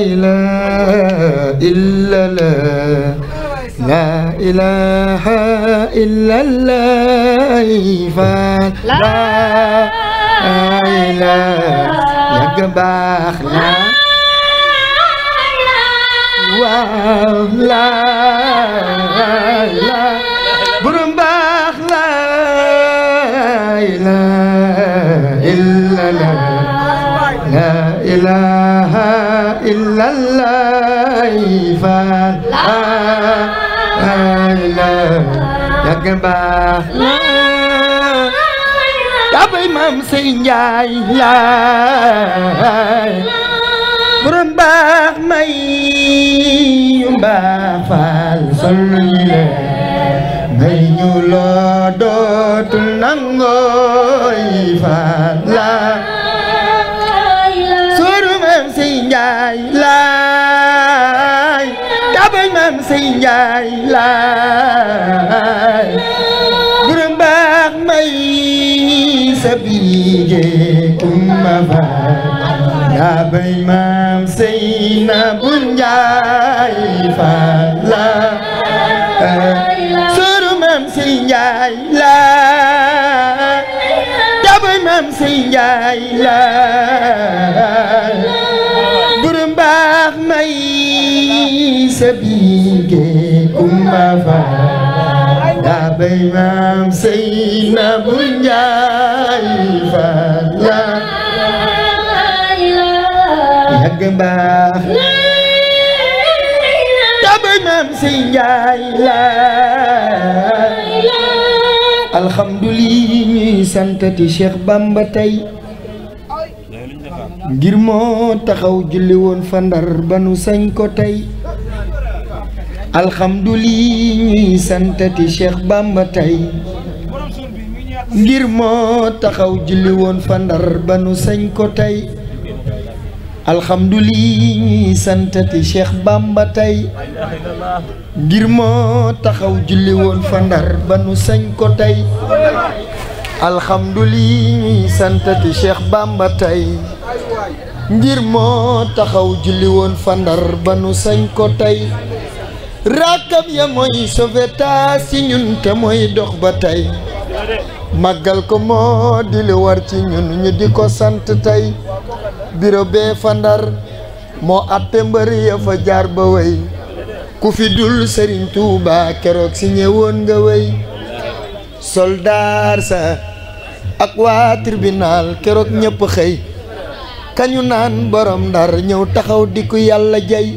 إله إلا الله لا إله إلا الله فلا إله يكبح لا لا لا برمبخ لا إله إلا الله لا إله إلا الله la, إله أكبر Đã với mầm sinh dài lại Buồn bạc mây Bà phản xuân lệ Ngày nhu lo đô Từng nắng ngồi la. lạc njaay laay dabay maam say njaay laay burum baax may sa biige umma faal dabay maam say na bu njaay laay suru maam say njaay laay laay sabige kumba fa sey na bu njaay santati Cheikh Bamba tey ngir moo taxaw julli woon fa Ndar ba sañ ko tey alxamdulii ñuy santati Cheikh Bamba ngir moo taxaw julli woon fa Ndar ba nu sañ ko tey alxamdulii ñuy santati Cheikh Bamba tey ngir moo taxaw julli woon fa Ndar ba nu sañ ko tey tey ngir moo taxaw julli woon fa Ndar ba nu sañ ko tey rakkam ya mooy sofeta si ñun te mooy dox ba tey màggal ko moo di war ci ñun ñu di ko sant tey biro bee fa ndar moo atte mbër ya fa jaar ba wey ku fi dul sëriñ Tuuba keroog si ñëwoon nga wéy soldaar sa ak waa tribunal keroog ñëpp xëy kañu naan borom ndar ñëw taxaw di yàlla jay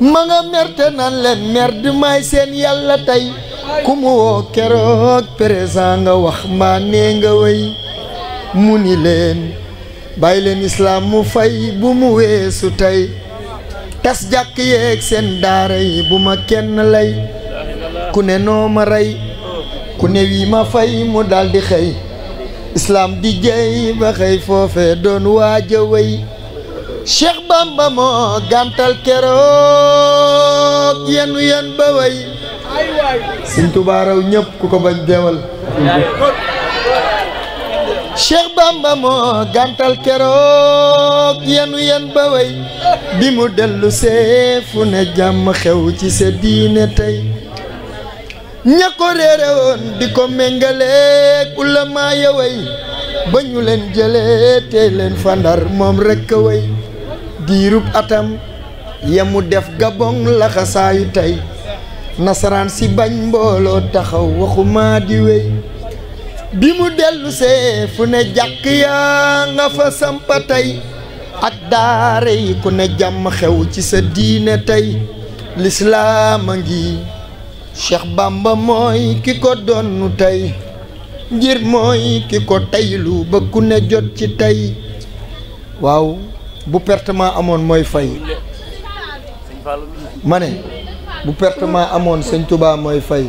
ma nga merte nan leen merde may seen yàlla tey ku mu woo keroog présent nga wax mbaa nee nga wéy mu ni leen bàyyi leen islaam mu fay bu mu weesu tey tas jàkk yeeg seen daara yi bu ma kenn lay ku ne noo ma ku ne wii ma fay mu daldi xëy islaam di jëy ba xëy foofe doon waaja wéy Cheikh Bamba moo gàntal keroog yenu yen ba way Sëñ Tuubaa raw ku ko bañ deewal bi mu dellu ne jàmm xew ci sa diine tey ña ko réere woon di ko méngaleeg ulamaa ya way ba ñu leen jëlee tey leen fandar moom rekk way diirub atam ya mu def la laxasaayu tay nasaran si bañ mbolo taxaw waxuma di wey bi mu dellu see fu ne jàkk yaa nga fa sampa tay ak daare ku ne jam xew ci sa diine tay l'islam ngi Cheikh Bamba moy ki ko donnu ngir moy ki ko teylu ba ku ne jot ci tay bu pertement amoon mooy fay ma ne bu pertement amoon sëñ Tuubaa mooy fay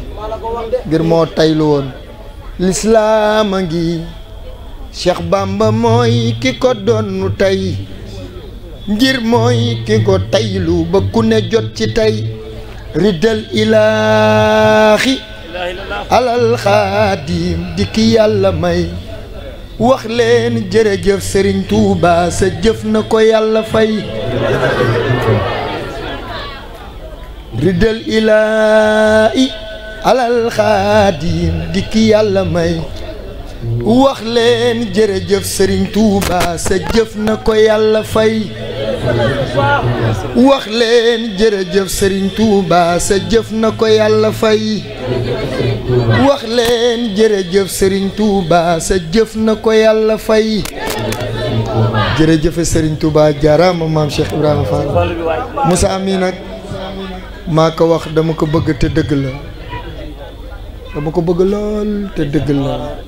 ngir moo taylu woon lislaam a ngi Cheikh Bamba mooy ki ko doonu tey ngir mooy ki ko taylu ba ku ne jot ci tey riddal ilaahi alal xaadim di ki yàlla may wax leen jërëjëf Serigne Touba sa jëf na ko yàlla fay riddal ilaahi alal xaadim yàlla may wax leen jërëjëf Serigne jëf na ko yàlla fay wax leen jërëjëf Serigne sa jëf na ko yàlla fay wax leen jëf sëriñ Touba sa jëf na ko yàlla fay jërëjëfe sëriñ Touba jaaraama maam Cheikh Ibrahima Fall Moussa mii nag maa ko wax dama ko bëgg te dëgg la dama ko bëgg lool te dëgg la